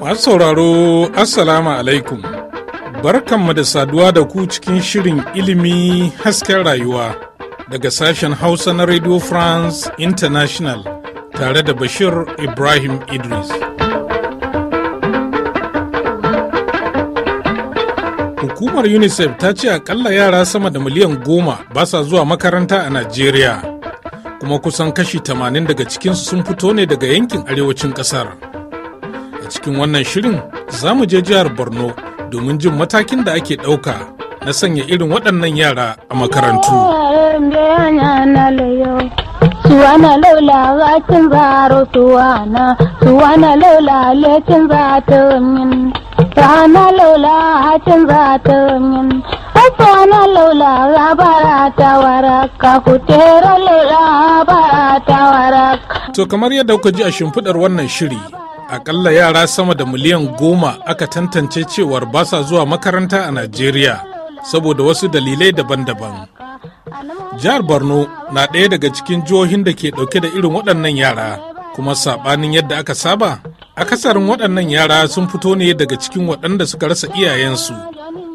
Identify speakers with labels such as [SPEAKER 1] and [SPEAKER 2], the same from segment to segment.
[SPEAKER 1] Masu sauraro, Assalamu alaikum. Barkanmu da saduwa da ku cikin shirin ilimi hasken rayuwa daga sashen Hausa na Radio France International tare da Bashir Ibrahim Idris. Hukumar UNICEF ta ce akalla yara sama da miliyan goma ba sa zuwa makaranta a Najeriya. kuma kusan kashi tamanin daga cikinsu sun fito ne daga yankin arewacin kasar a cikin wannan shirin za mu je jihar borno domin jin matakin da ake ɗauka na sanya irin waɗannan yara a makarantu
[SPEAKER 2] suwana laula zaro suwana min laula za ta
[SPEAKER 1] To kamar yadda kuka ji a shimfiɗar wannan shiri, akalla yara sama da miliyan goma aka tantance cewar ba sa zuwa makaranta a Najeriya saboda wasu dalilai daban-daban. Jihar Borno na ɗaya daga cikin jihohin da ke ɗauke da irin waɗannan yara, kuma saɓanin yadda aka saba, akasarin waɗannan yara sun fito ne daga cikin waɗanda suka rasa iyayensu.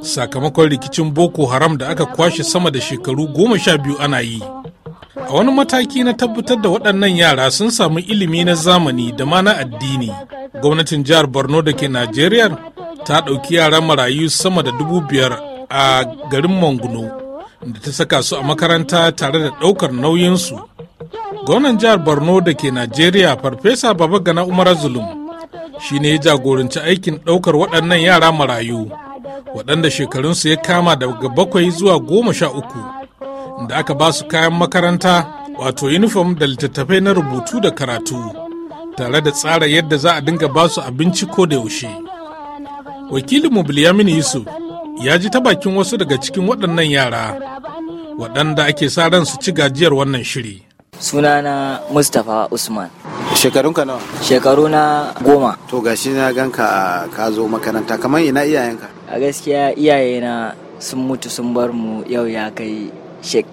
[SPEAKER 1] sakamakon rikicin boko haram da aka kwashe sama da shekaru goma sha biyu ana yi a wani mataki na tabbatar da waɗannan yara sun samu ilimi na zamani da ma na addini gwamnatin jihar borno da ke najeriya ta ɗauki yara marayu sama da dubu biyar a garin manguno da ta saka su a makaranta tare da ɗaukar nauyinsu gwamnan jihar borno da ke najeriya farfesa baba gana umar zulum shi ne ya jagoranci aikin ɗaukar waɗannan yara marayu waɗanda shekarunsu ya kama daga bakwai zuwa goma sha uku da aka ba su kayan makaranta wato uniform da littattafai na rubutu da karatu tare da tsara yadda za a dinga ba su abinci ko da yaushe Wakilin bilyamin yusuf ya ji ta bakin wasu daga cikin waɗannan yara waɗanda ake sa ran su ci gajiyar wannan shiri
[SPEAKER 2] Sunana Mustapha Usman. Shekarunka nawa? Shekaru na goma. To gashi na ganka ka zo makaranta kamar ina iyayenka? A gaskiya iyayena sun mutu sun bar mu yau ya kai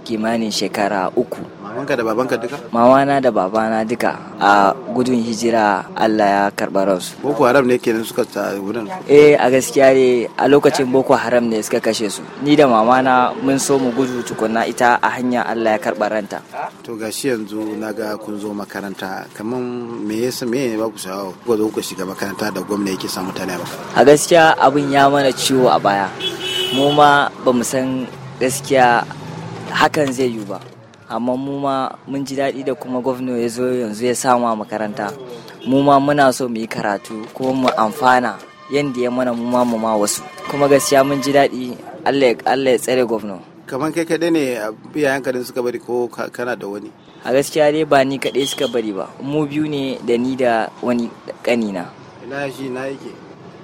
[SPEAKER 2] kimanin shekara uku.
[SPEAKER 3] Mamanka da babanka duka?
[SPEAKER 2] Mamana da babana duka a gudun hijira Allah ya karɓa ransu. Boko Haram ne kenan suka ta gudun? Eh a gaskiya ne a lokacin Boko Haram ne suka kashe su. Ni da mamana mun so mu gudu tukunna ita a hanya Allah ya karɓa ranta.
[SPEAKER 3] To gashi yanzu na ga kun zo makaranta kamar me yasa me ne ba ku shawo ku zo ku shiga makaranta da gwamna yake samu mutane ba.
[SPEAKER 2] A gaskiya abin ya mana ciwo a baya. Mu ma ba mu san gaskiya hakan zai yiwu ba. amma mu ma mun ji daɗi da kuma gwamna ya zo yanzu ya sama makaranta mu ma muna so mu yi karatu kuma mu amfana yadda ya mana mu ma mu ma wasu kuma gaskiya mun ji daɗi Allah ya tsare gwamna kamar kai kaɗai ne iyayen kaɗai suka bari ko kana da wani a gaskiya dai ba ni kaɗai suka bari ba mu biyu ne da ni da wani ƙanina ina shi na yake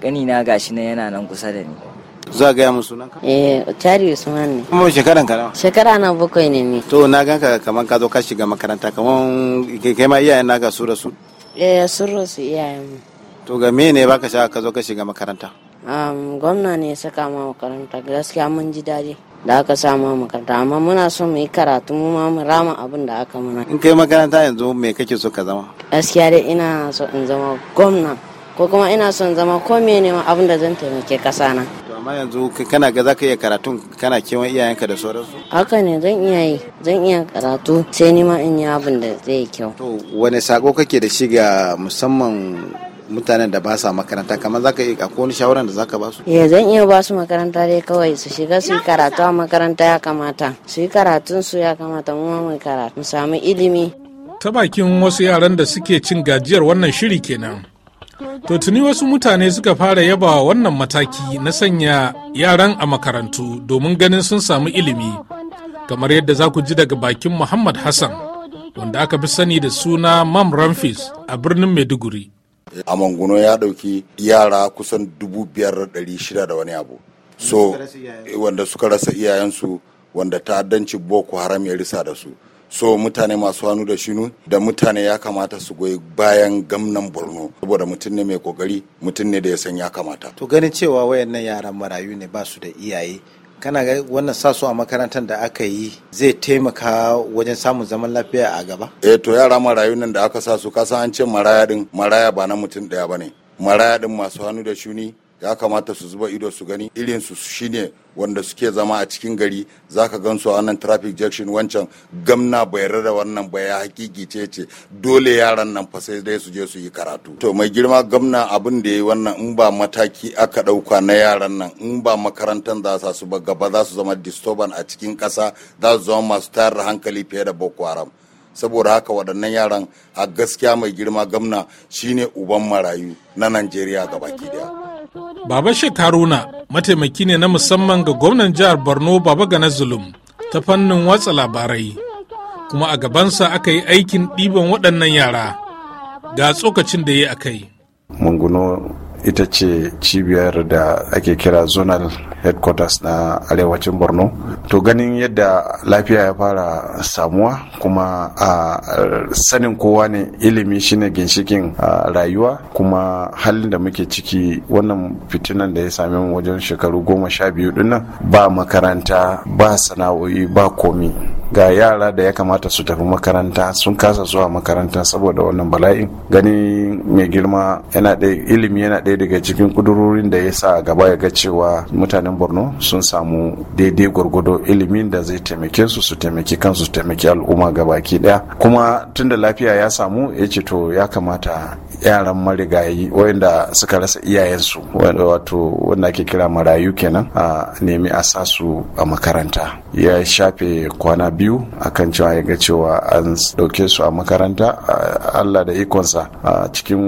[SPEAKER 2] ƙanina gashi na yana nan kusa da ni za ga yamu sunan ka? Eh, Tari Usman ne. Kuma shekaran ka nawa? Shekara na bakwai ne ni. To na ganka kaman ka zo ka
[SPEAKER 3] shiga makaranta kaman kai ma iyayen naka su rasu?
[SPEAKER 2] Eh, sun rasu iyayen mu.
[SPEAKER 3] To ga me ne baka sha ka zo ka shiga makaranta?
[SPEAKER 2] Um, gwamna ne ya saka ma makaranta gaskiya mun ji daɗi da aka sa ma makaranta amma muna so mu yi karatu mu ma mu rama abin da aka mana.
[SPEAKER 3] In kai makaranta yanzu me kake so ka zama?
[SPEAKER 2] Gaskiya dai ina so in zama gwamna ko kuma ina son zama ko mene ma abin da zan taimake kasa na.
[SPEAKER 3] amma yanzu kana ga zaka iya karatun kana kewan iyayenka da sauransu
[SPEAKER 2] haka ne zan iya yi zan iya karatu sai ni ma in yi abin da zai yi kyau to
[SPEAKER 3] wani sako kake da shi ga musamman mutanen da ba sa makaranta kamar za ka yi a wani shawaran da za ka ba su?
[SPEAKER 2] Ya eh, zan iya ba su makaranta dai kawai su shiga su yi karatu a makaranta ya kamata su yi karatun su ya kamata mu mai karatu mu samu
[SPEAKER 1] ilimi. Ta bakin wasu yaran da suke cin gajiyar wannan shiri kenan. To tuni wasu mutane suka fara yabawa wannan mataki na sanya yaran a makarantu domin ganin sun samu ilimi, kamar yadda za ku ji daga bakin Muhammad Hassan, wanda aka fi sani da suna Mam Ramfis a birnin Maiduguri. A Mangono
[SPEAKER 4] ya ɗauki yara kusan dubu da wani abu. So, wanda suka rasa iyayensu, wanda ta'addanci Boko Haram ya risa da su. so mutane masu hannu da shinu da mutane ya kamata su goyi bayan gamnan borno saboda mutum ne mai kogari mutum ne da ya san ya kamata
[SPEAKER 3] to ganin cewa wayannan yaran marayu ne ba su da iyaye kana ga wannan sasu a makarantar da aka yi zai taimaka wajen samun zaman lafiya a gaba
[SPEAKER 4] eh to yara marayu nan da aka sa su kasan an ce maraya din maraya ba na mutum daya bane maraya din masu hannu da shuni ya kamata su zuba ido su gani irin su shine wanda suke zama a cikin gari za ka gan su a wannan traffic junction wancan gamna bai da wannan bai ya hakiki ce ce dole yaran nan fa sai dai su je su yi karatu to mai girma gamna abin da yayi wannan in ba mataki aka dauka na yaran nan in ba makarantan za su ba gaba za su zama disturban a cikin kasa za su zama masu tayar hankali fiye da boko haram saboda haka waɗannan yaran a gaskiya mai girma gamna shine uban marayu
[SPEAKER 1] na najeriya gabaki daya Baba Sheikh Haruna mataimaki ne na musamman ga gwamnan jihar Borno Baba Gana Zulum ta fannin watsa labarai, kuma a gabansa aka yi aikin ɗiban waɗannan yara ga tsokacin da ya yi a kai.
[SPEAKER 5] ita ce cibiyar da ake kira zonal headquarters na arewacin borno to ganin yadda lafiya ya fara samuwa kuma a sanin kowa ne ilimi shine ginshikin rayuwa kuma halin da muke ciki wannan fitinan da ya sami wajen shekaru goma sha biyu dinnan ba makaranta ba sana'o'i ba komi ga yara da ya kamata su tafi makaranta sun kasa zuwa makaranta saboda wannan bala'in gani mai girma yana ɗaya ilimi yana ɗaya daga cikin kudurorin da ya sa gaba ya ga cewa mutanen borno sun samu daidai gwargwado ilimin da zai taimake su su taimaki kansu su taimaki al'umma gabaki ɗaya kuma tunda lafiya ya samu ya ce to ya kamata yaran marigayi wayanda suka rasa iyayensu wato wanda ake kira marayu kenan a nemi a sa su a makaranta ya shafe kwana biyu biyu akan cewa ya ga cewa an ɗauke su a makaranta allah da ikonsa a cikin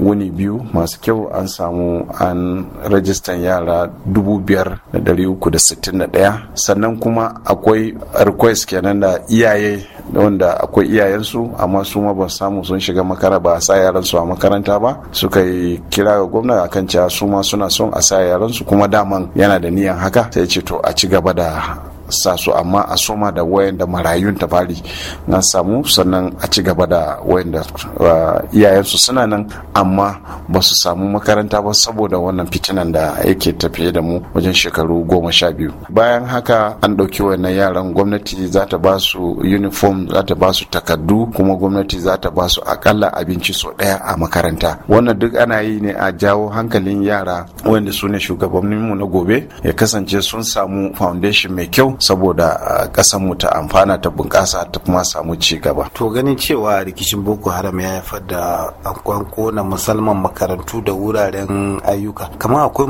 [SPEAKER 5] wuni biyu masu kyau an samu an rajistan yara 5,361 sannan kuma akwai request kenan da iyaye wanda akwai iyayensu amma su ma ba samu sun shiga makara ba a sa yaransu a makaranta ba suka yi kira ga gwamna akan cewa su ma suna son a sa yaransu kuma daman yana da niyan haka sai ce to a ci gaba da sa su amma a soma da wayanda marayun ta fari na samu sannan a ci gaba da wayanda uh, iyayensu suna nan amma ba su samu makaranta ba saboda wannan fitinan da yake tafiye da mu wajen shekaru goma sha biyu bayan haka an ɗauki wayannan yaran gwamnati za ta ba su uniform za ta ba su takardu kuma gwamnati za ta ba su akalla abinci sau ɗaya a makaranta wannan duk ana yi ne a jawo hankalin yara wanda su ne shugabanninmu na gobe ya kasance sun samu foundation mai kyau saboda kasan ah, mu ta amfana ta bunƙasa ta kuma samu ci gaba to ganin cewa rikicin boko haram ya haifar da an kona musulman
[SPEAKER 3] makarantu da wuraren ayyuka kamar akwai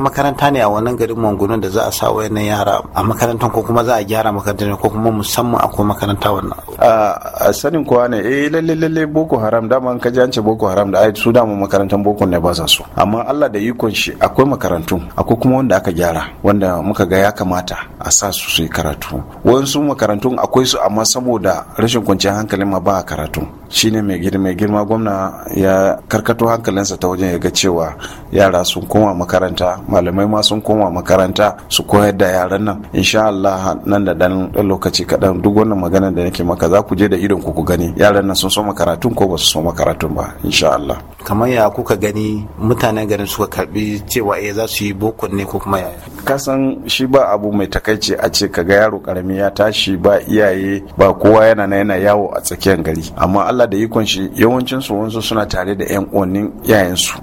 [SPEAKER 3] makaranta ne a wannan garin mangunan da za a sa wayannan yara a makarantar ko kuma za a gyara makarantar ko kuma musamman akwai makaranta wannan
[SPEAKER 5] ah, a sanin kowa ne eh lalle lalle boko haram dama an kaji an ce boko haram da ai su dama makarantar boko ne ba sa su amma Allah da ikon shi akwai makarantu akwai kuma wanda aka gyara wanda muka ga ya kamata a sa su su su yi karatu wasu makarantun akwai su amma saboda rashin kwanciyar hankalin ma ba karatu shine mai girma girma gwamna ya karkato hankalinsa ta wajen ya ga cewa yara sun koma makaranta malamai ma sun koma makaranta su koyar da yaran nan insha Allah nan da dan lokaci kaɗan duk wannan magana da nake maka za ku je da idon ku ku gani yaran nan sun so makaratun ko ba su so makaratun ba insha Allah kamar ya kuka gani mutanen garin suka karbi cewa eh za su yi bokon ne ko kuma yaya kasan shi ba abu mai takaici a ce ka ga yaro karami ya tashi ba iyaye ba kowa yana na yana yawo a tsakiyar gari amma Allah Allah da ikon shi yawancin su wanzu suna tare da yan onin yayan su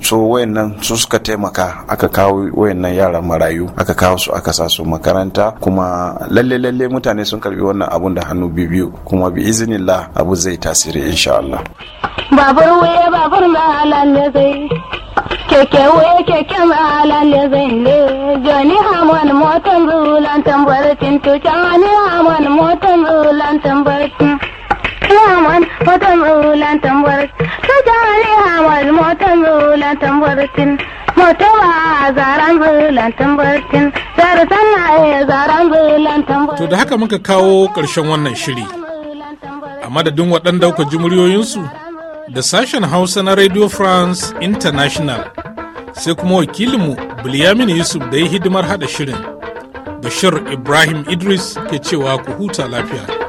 [SPEAKER 5] so wayannan su suka taimaka aka kawo wayannan yaran marayu aka kawo su aka sa su makaranta kuma lalle lalle mutane sun karbi wannan abun da hannu biyu kuma bi iznillah abu zai tasiri insha Allah
[SPEAKER 2] babur waye babur malan ne zai keke waye keke malan ne zai ne joni hamon motan bulan tambar tintu joni hamon motan bulan tambar tin حمل وتمر لن تنبرك تجعل
[SPEAKER 1] To da haka muka kawo ƙarshen wannan shiri, a madadin waɗanda kuka ji muryoyinsu da sashen Hausa na Radio France International sai kuma wakilinmu Bilyamin Yusuf da ya hidimar haɗa shirin. Bashir Ibrahim Idris ke cewa ku huta lafiya.